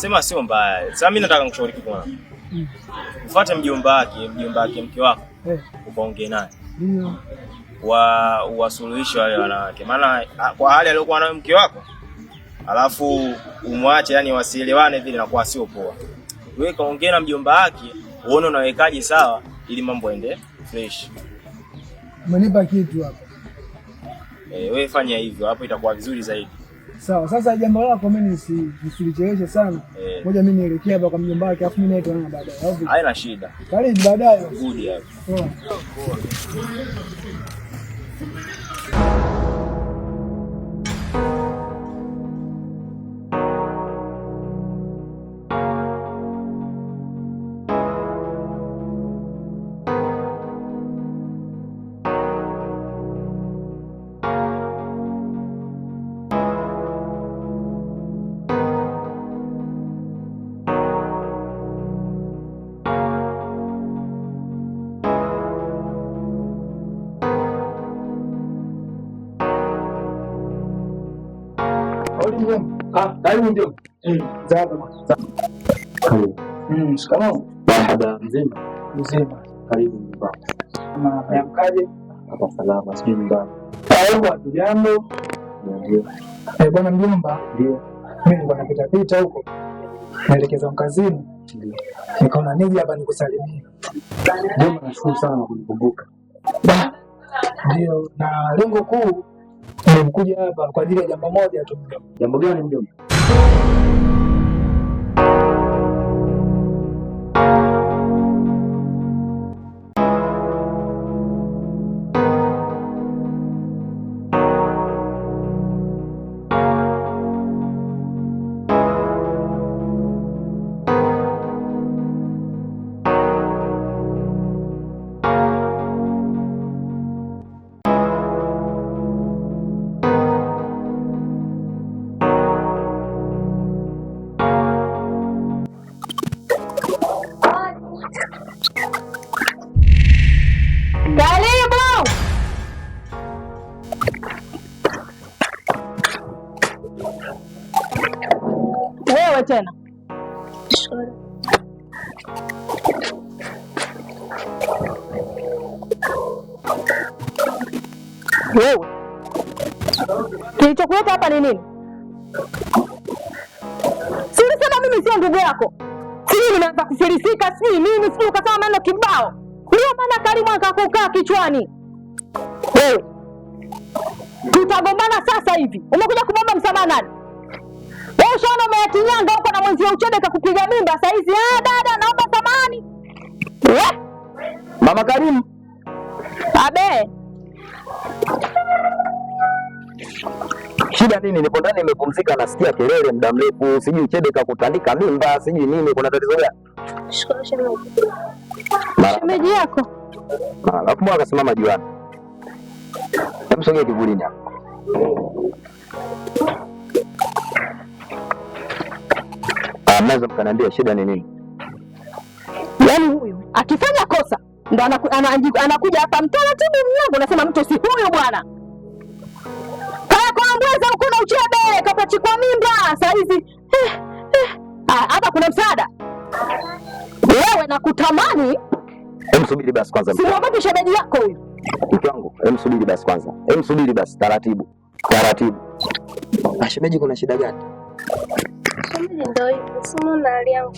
sema sio mbaya. Sasa mimi nataka nikushauri kitu mwana. Mm. Ufuate mjomba wake, mjomba wake mke wako. Eh. Ukaongee naye. Ndio. Wa wasuluhishe wale wanawake. Maana kwa hali aliyokuwa nayo mke wako, alafu umwache yani wasielewane vile na kwa sio poa. Wewe kaongee na mjomba wake, uone unawekaje sawa ili mambo yaende fresh. Umenipa kitu hapa. Eh, wewe fanya hivyo hapo itakuwa vizuri zaidi. Sawa, sasa jambo lako mimi nisicheleweshe sana. Eh. Ngoja mimi nielekea hapa kwa mjomba wake afu mimi naitwa baadaye. Haina shida. Karibu baadaye. Good hapo. Karibu ndio. Shikamoo. Mzima? Mzima. Karibu nyumbani. salama, sijui nyumbani. Jambo. Bwana mjomba, ndio mimi nilikuwa napitapita huko naelekeza mkazini, nikaona nije hapa nikusalimia. Nashukuru sana kunikumbuka. Ndio, na lengo kuu Nimekuja hapa kwa ajili ya jambo moja tu. Jambo gani mjomba? wewe tena Sorry. Wewe kilichokuleta hapa ni nini? Silisema mimi sio ndugu yako, sijui nimeanza kufilisika, sijui mimi, sijui ukasema maneno kibao. Ndio maana Karimu akakukaa kichwani. Wewe tutagombana sasa hivi, umekuja kumwomba msamaha nani? ushaona umeatilia ndio uko na mwenzi wa uchede kakupiga mimba saizi. Ah, dada naomba samani. Eh? Mama Karimu abe Shida nini? Niko ndani nimepumzika, nasikia kelele muda mrefu, sijui chede kakutandika mimba, sijui nini. Kuna tatizo gani? Shemeji yako alafu mbona akasimama juani, msogee kivulini hapo. mnaweza mkaniambia shida ni nini? Yaani huyu akifanya kosa ndo anaku, anaku, anakuja hapa mtaratibu mlango, unasema mtu si huyu bwana, kayakoambweza ukuna uchebe kapachikwa mimba saizi hizi eh, eh, ah, kuna msaada wewe nakutamani. Emsubiri basi kwanza, simwogopi shemeji yako huyu. Mke wangu, emsubiri basi kwanza, emsubiri basi taratibu taratibu. Ah, shemeji, kuna shida gani? Ndio hivyo somo na hali yangu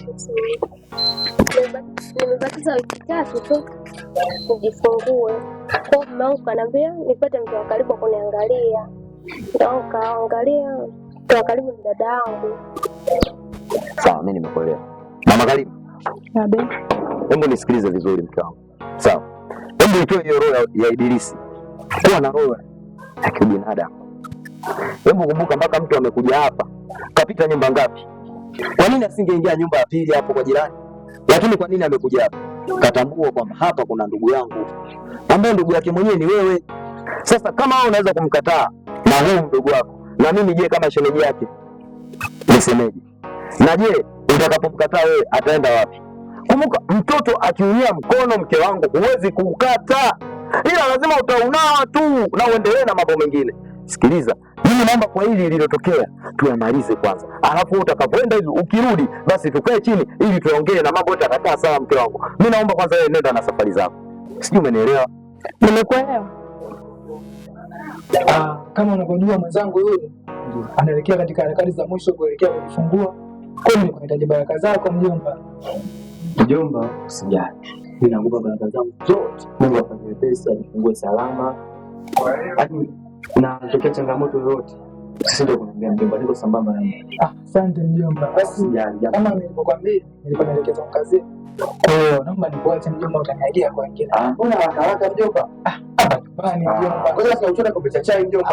nimebakiza wiki tatu tu nijifungue. Kwa mume wangu kaniambia nipate mtu wa karibu kuniangalia, ndio nikaangalia mtu wa karibu ni dada yangu. Sawa, mimi nimekuelewa. Mama karibu. Hebu nisikilize vizuri mke wangu, sawa? Hebu itoe hiyo roho ya Ibilisi, kuwa na roho ya kibinadamu. Hebu kumbuka mpaka mtu amekuja hapa kapita nyumba ngapi kwa nini asingeingia nyumba ya pili hapo kwa jirani? Lakini kwa nini amekuja hapa? Katambua kwamba hapa kuna ndugu yangu ambaye ndugu yake mwenyewe ni wewe. Sasa kama wewe unaweza kumkataa na huu ndugu wako, na mimi je, kama shemeji yake nisemeje? Na je, utakapomkataa wewe ataenda wapi? Kumbuka, mtoto akiumia mkono, mke wangu, huwezi kukataa ila lazima utaunawa tu na uendelee na mambo mengine. Sikiliza, mimi naomba kwa hili lililotokea tuyamalize kwanza, alafu utakapoenda hivi ukirudi, basi tukae chini ili tuongee na mambo yote yatakaa sawa. Mke wangu, mi naomba kwanza wewe nenda na safari zako, sijui umenielewa? Nimekuelewa. Ah, kama unavyojua mwenzangu yule anaelekea katika harakati za mwisho kuelekea kujifungua, kwani nahitaji baraka zako mjomba. Mjomba, usijali Ninaanguka baraka zangu zote, Mungu afanye wepesi, anifungue salama. Na tokea changamoto yoyote usije kuniambia mjomba, niko sambamba na yeye. Ah, asante mjomba, basi kama nilivyokuambia, nilikuwa naelekezwa kazini, kwa hiyo naomba nikuache mjomba, utanyagia kwa wengine. Ah. Mbona wakawaka mjomba? Ah. Hapa nyumbani mjomba, ngoja tunachota kombe cha chai mjomba,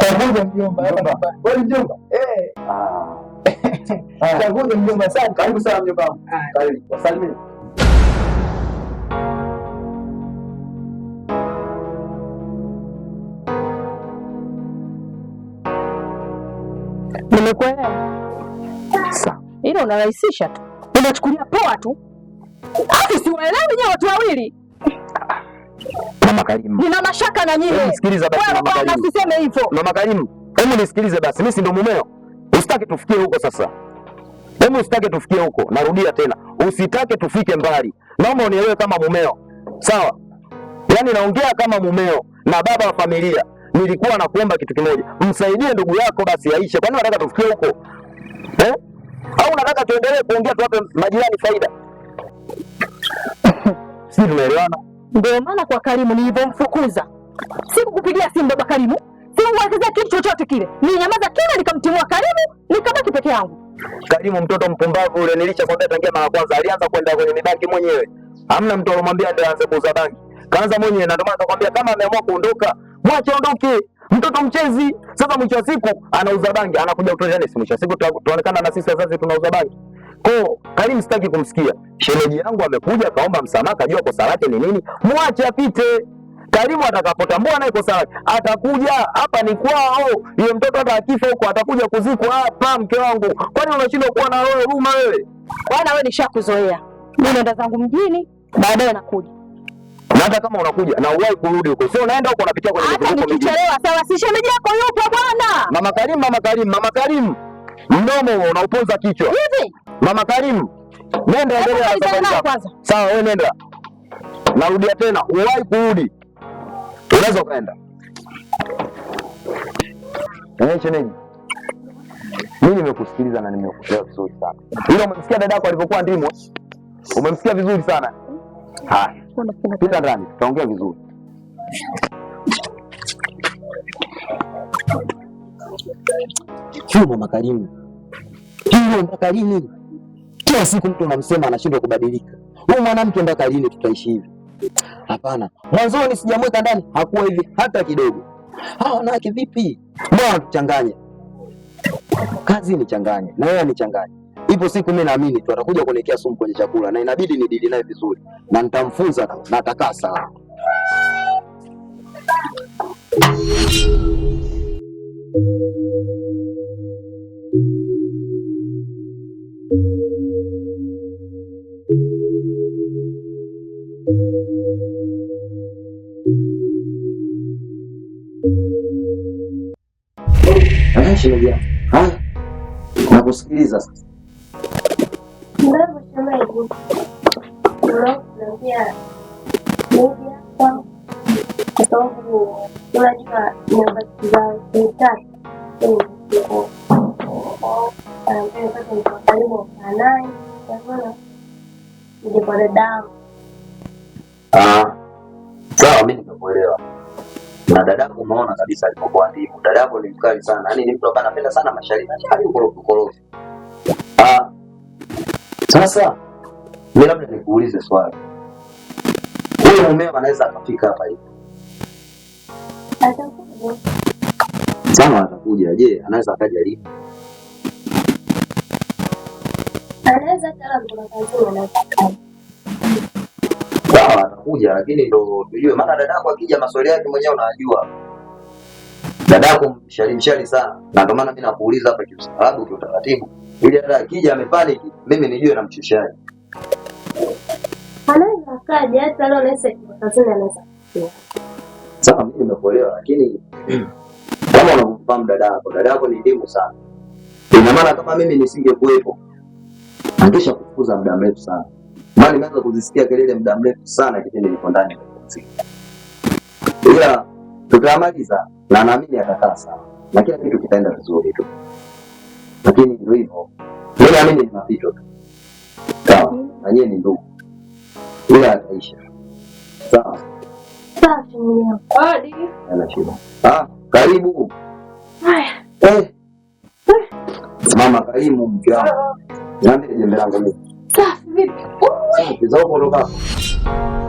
pamoja mjomba, Mjomba nyumbani. Wewe mjomba, eh, ah, mjomba, Sana Karibu sana mjomba, karibu, wasalimie Nimekuelewa. Sawa. Ila unarahisisha tu. Unachukulia poa tu. Hata siwaelewi wenyewe watu wawili. Mama Karimu. Nina mashaka na nyinyi. Nisikilize basi. Mama Karimu. Usiseme hivyo. Mama Karimu. Hebu nisikilize basi. Mimi si ndo mumeo. Usitake tufikie huko sasa. Hebu usitake tufikie huko. Narudia tena. Usitake tufike mbali. Naomba unielewe kama mumeo. Sawa? Yaani naongea kama mumeo na baba wa familia nilikuwa nakuomba kitu kimoja, msaidie ndugu yako basi aishe. Kwani unataka tufikie huko eh? Au unataka tuendelee kuongea tuwape majirani faida? si tumeelewana. Ndio maana kwa Karimu nilivyomfukuza, sikukupigia simu baba Karimu, sikukuelezea kitu chochote kile, ninyamaza kila nikamtimua Karimu, nikabaki peke yangu. Karimu mtoto mpumbavu yule, nilishakwambia tangia mara kwanza, alianza kwenda kwenye mibanki mwenyewe. Hamna mtu alomwambia ndio aanze kuuza bangi, kaanza mwenyewe, na ndio maana nakwambia kama ameamua kuondoka mwache ondoke, mtoto mchezi. Sasa mwisho wa siku anauza bangi, anakuja kutoshana. Mwisho wa siku tuonekana na sisi wazazi tunauza bangi ko Karim, sitaki kumsikia. Shemeji yangu amekuja kaomba msamaha, kajua kosa lake ni nini, mwache apite. Karimu atakapotambua naye kosa lake atakuja hapa, ni kwao. Yule mtoto hata akifa huko atakuja kuzikwa hapa. Mke wangu, kwani unashindwa kuwa na roho huruma wewe? Bwana wewe, nishakuzoea mimi, naenda zangu mjini, baadaye nakuja na hata kama unakuja na uwahi kurudi huko, sio unaenda huko unapitia kwenye hata nikichelewa, sawa? Si shemeji yako yupo bwana. Mama Karim, mama Karim, mama Karim, mdomo unauponza kichwa hivi. Mama Karim, nenda endelea na safari yako, kwanza. sawa? Wewe nenda, narudia tena, uwahi kurudi, unaweza ukaenda. Eh, shemeji mimi nimekusikiliza na nimekuelewa vizuri sana. Ila umemsikia dadako alivyokuwa ndimo, umemsikia vizuri sana. Haya. Pita ndani, tutaongea vizuri. Huyu mama Karimu, huyu mama Karimu, kila siku mtu unamsema anashindwa kubadilika. Huyu mwanamke mpaka lini tutaishi hivi? Hapana, mwanzoni sijamweka ndani hakuwa hivi hata kidogo. Hawa wanawake vipi? Bwana tuchanganye, kazi nichanganye na ni changanye ipo siku mimi naamini tu atakuja kuelekea sumu kwenye chakula, na inabidi ni dili naye vizuri, na nitamfunza na atakaa sawa. Eh, Nakusikiliza sasa kama igusa hilo naingia media kwa sababu unajua nafasi za mitatu Sawa, mi nimekuelewa. Na dadako umeona kabisa alivyokuadhibu. Dadako ni mkali sana, yaani ni mtu ambaye anapenda sana mashairi, mashairi ukorofi ukorofi sasa mimi labda nikuulize swali, huyu mumeo anaweza akafika hapa hivi? Sawa, atakuja. Je, anaweza akaja lini? Sawa, atakuja, lakini ndo tujue, maana dadako akija maswali yake mwenyewe unajua dadako mshari sana, na ndio maana mimi nakuuliza hapa kiustaarabu, kiutaratibu ili hata akija mimi nijue na mshushaji sawa. Mimi nimekuelewa, lakini hmm. kama unamfahamu dada yako, dada yako ni elimu sana. Ina maana kama mimi nisingekuwepo angesha kufukuza muda mrefu sana, maana nimeanza kuzisikia kelele muda mrefu sana kipindi niko ndani, ila tutamaliza na naamini atakaa sawa na kila kitu kitaenda vizuri tu lakini ndio hivyo, mimi naamini ni mapito tu, sawa mm. na nyie ni ndugu, ila ataisha. Sawa ana shida. Ah, karibu eh. eh, mama karibu, mke wangu, niambie jembe langu mimi. Safi vipi? Safi, zauko ndo baba